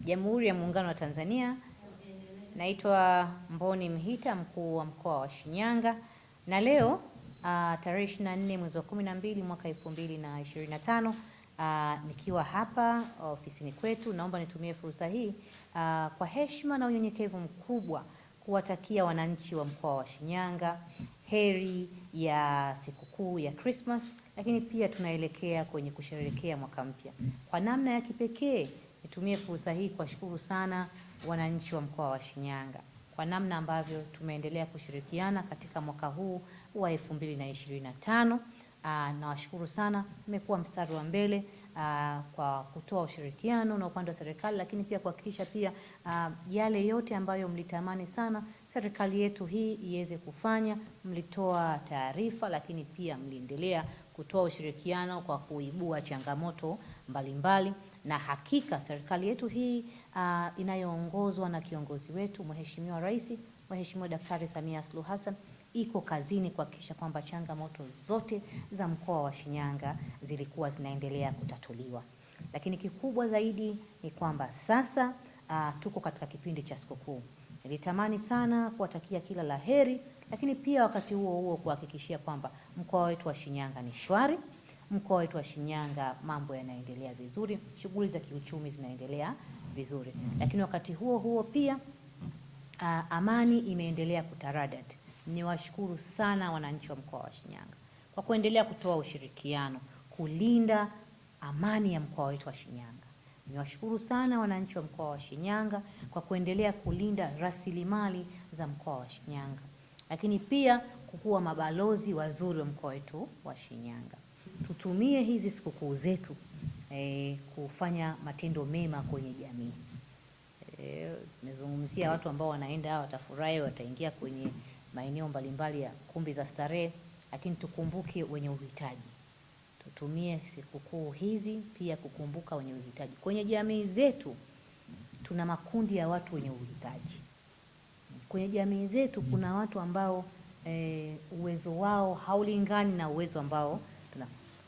Jamhuri ya Muungano wa Tanzania. Naitwa Mboni Mhita, mkuu wa mkoa wa Shinyanga, na leo uh, tarehe 24 mwezi wa 12 mwaka 2025 uh, ah, nikiwa hapa ofisini kwetu, naomba nitumie fursa hii uh, kwa heshima na unyenyekevu mkubwa kuwatakia wananchi wa mkoa wa Shinyanga heri ya sikukuu ya Christmas, lakini pia tunaelekea kwenye kusherehekea mwaka mpya kwa namna ya kipekee. Nitumie fursa hii kuwashukuru sana wananchi wa mkoa wa Shinyanga kwa namna ambavyo tumeendelea kushirikiana katika mwaka huu wa 2025. Ah, nawashukuru sana, mmekuwa mstari wa mbele aa, ah, kwa kutoa ushirikiano na upande wa serikali, lakini pia kuhakikisha pia aa, ah, yale yote ambayo mlitamani sana serikali yetu hii iweze kufanya, mlitoa taarifa, lakini pia mliendelea kutoa ushirikiano kwa kuibua changamoto mbalimbali mbali na hakika serikali yetu hii uh, inayoongozwa na kiongozi wetu Mheshimiwa Rais Mheshimiwa Daktari Samia Suluhu Hassan iko kazini kuhakikisha kwamba changamoto zote za mkoa wa Shinyanga zilikuwa zinaendelea kutatuliwa. Lakini kikubwa zaidi ni kwamba sasa uh, tuko katika kipindi cha sikukuu. Nilitamani sana kuwatakia kila la heri, lakini pia wakati huo huo kuhakikishia kwamba mkoa wetu wa Shinyanga ni shwari mkoa wetu wa Shinyanga mambo yanaendelea vizuri, shughuli za kiuchumi zinaendelea vizuri, lakini wakati huo huo pia a, amani imeendelea kutaradad. Niwashukuru sana wananchi wa mkoa wa Shinyanga kwa kuendelea kutoa ushirikiano kulinda amani ya mkoa wetu wa Shinyanga. Niwashukuru sana wananchi wa mkoa wa Shinyanga kwa kuendelea kulinda rasilimali za mkoa wa Shinyanga, lakini pia kukuwa mabalozi wazuri wa mkoa wetu wa Shinyanga tutumie hizi sikukuu zetu e, kufanya matendo mema kwenye jamii. E, tumezungumzia e, watu ambao wanaenda watafurahi, wataingia kwenye maeneo mbalimbali ya kumbi za starehe, lakini tukumbuke wenye uhitaji. Tutumie sikukuu hizi pia kukumbuka wenye uhitaji kwenye jamii zetu. Tuna makundi ya watu wenye uhitaji kwenye jamii zetu. Kuna watu ambao e, uwezo wao haulingani na uwezo ambao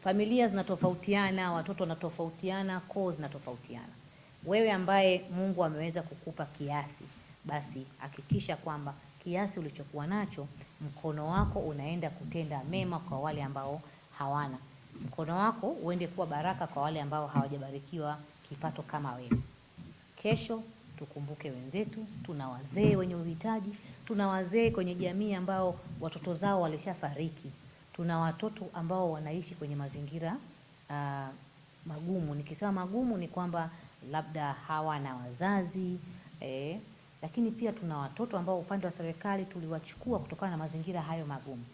Familia zinatofautiana, watoto wanatofautiana, koo zinatofautiana. Wewe ambaye Mungu ameweza kukupa kiasi, basi hakikisha kwamba kiasi ulichokuwa nacho, mkono wako unaenda kutenda mema kwa wale ambao hawana, mkono wako uende kuwa baraka kwa wale ambao hawajabarikiwa kipato kama wewe. Kesho tukumbuke wenzetu, tuna wazee wenye uhitaji, tuna wazee kwenye jamii ambao watoto zao walishafariki tuna watoto ambao wanaishi kwenye mazingira uh, magumu. Nikisema magumu ni kwamba labda hawana wazazi eh, lakini pia tuna watoto ambao upande wa serikali tuliwachukua kutokana na mazingira hayo magumu.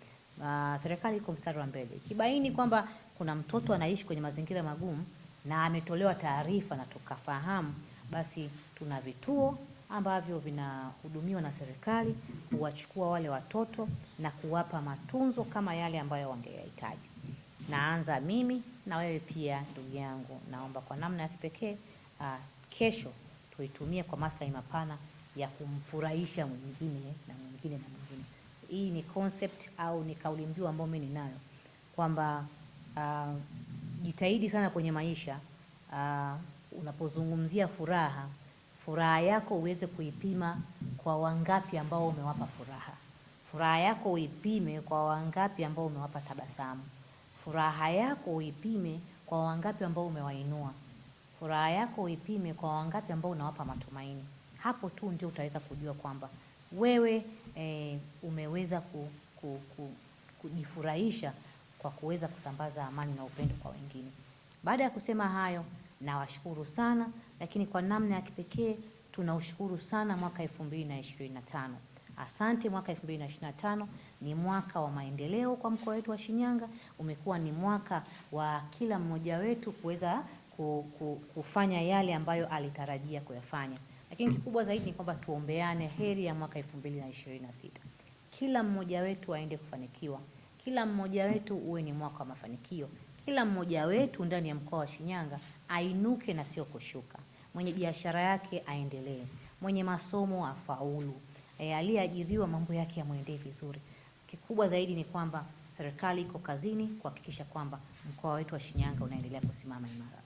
Uh, serikali iko mstari wa mbele ikibaini kwamba kuna mtoto anaishi kwenye mazingira magumu na ametolewa taarifa na tukafahamu, basi tuna vituo ambavyo vinahudumiwa na serikali kuwachukua wale watoto na kuwapa matunzo kama yale ambayo wangeyahitaji. Naanza mimi na wewe pia, ndugu yangu, naomba kwa namna ya kipekee uh, kesho tuitumie kwa maslahi mapana ya kumfurahisha mwingine na mwingine na mwingine. Hii ni concept au ni kauli mbiu ambayo mimi ninayo kwamba uh, jitahidi sana kwenye maisha uh, unapozungumzia furaha furaha yako uweze kuipima kwa wangapi ambao umewapa furaha. Furaha yako uipime kwa wangapi ambao umewapa tabasamu. Furaha yako uipime kwa wangapi ambao umewainua. Furaha yako uipime kwa wangapi ambao unawapa matumaini. Hapo tu ndio utaweza kujua kwamba wewe e, umeweza ku, ku, ku, kujifurahisha kwa kuweza kusambaza amani na upendo kwa wengine. Baada ya kusema hayo nawashukuru sana, lakini kwa namna ya kipekee tunaushukuru sana mwaka 2025. Asante. Mwaka 2025 ni mwaka wa maendeleo kwa mkoa wetu wa Shinyanga, umekuwa ni mwaka wa kila mmoja wetu kuweza kufanya yale ambayo alitarajia kuyafanya, lakini kikubwa zaidi ni kwamba tuombeane heri ya mwaka 2026. Kila mmoja wetu aende kufanikiwa, kila mmoja wetu uwe ni mwaka wa mafanikio kila mmoja wetu ndani ya mkoa wa Shinyanga ainuke na sio kushuka, mwenye biashara yake aendelee, mwenye masomo afaulu, e, aliyeajiriwa mambo yake yamwendee vizuri. Kikubwa zaidi ni kwamba serikali iko kazini kuhakikisha kwamba mkoa wetu wa Shinyanga unaendelea kusimama imara.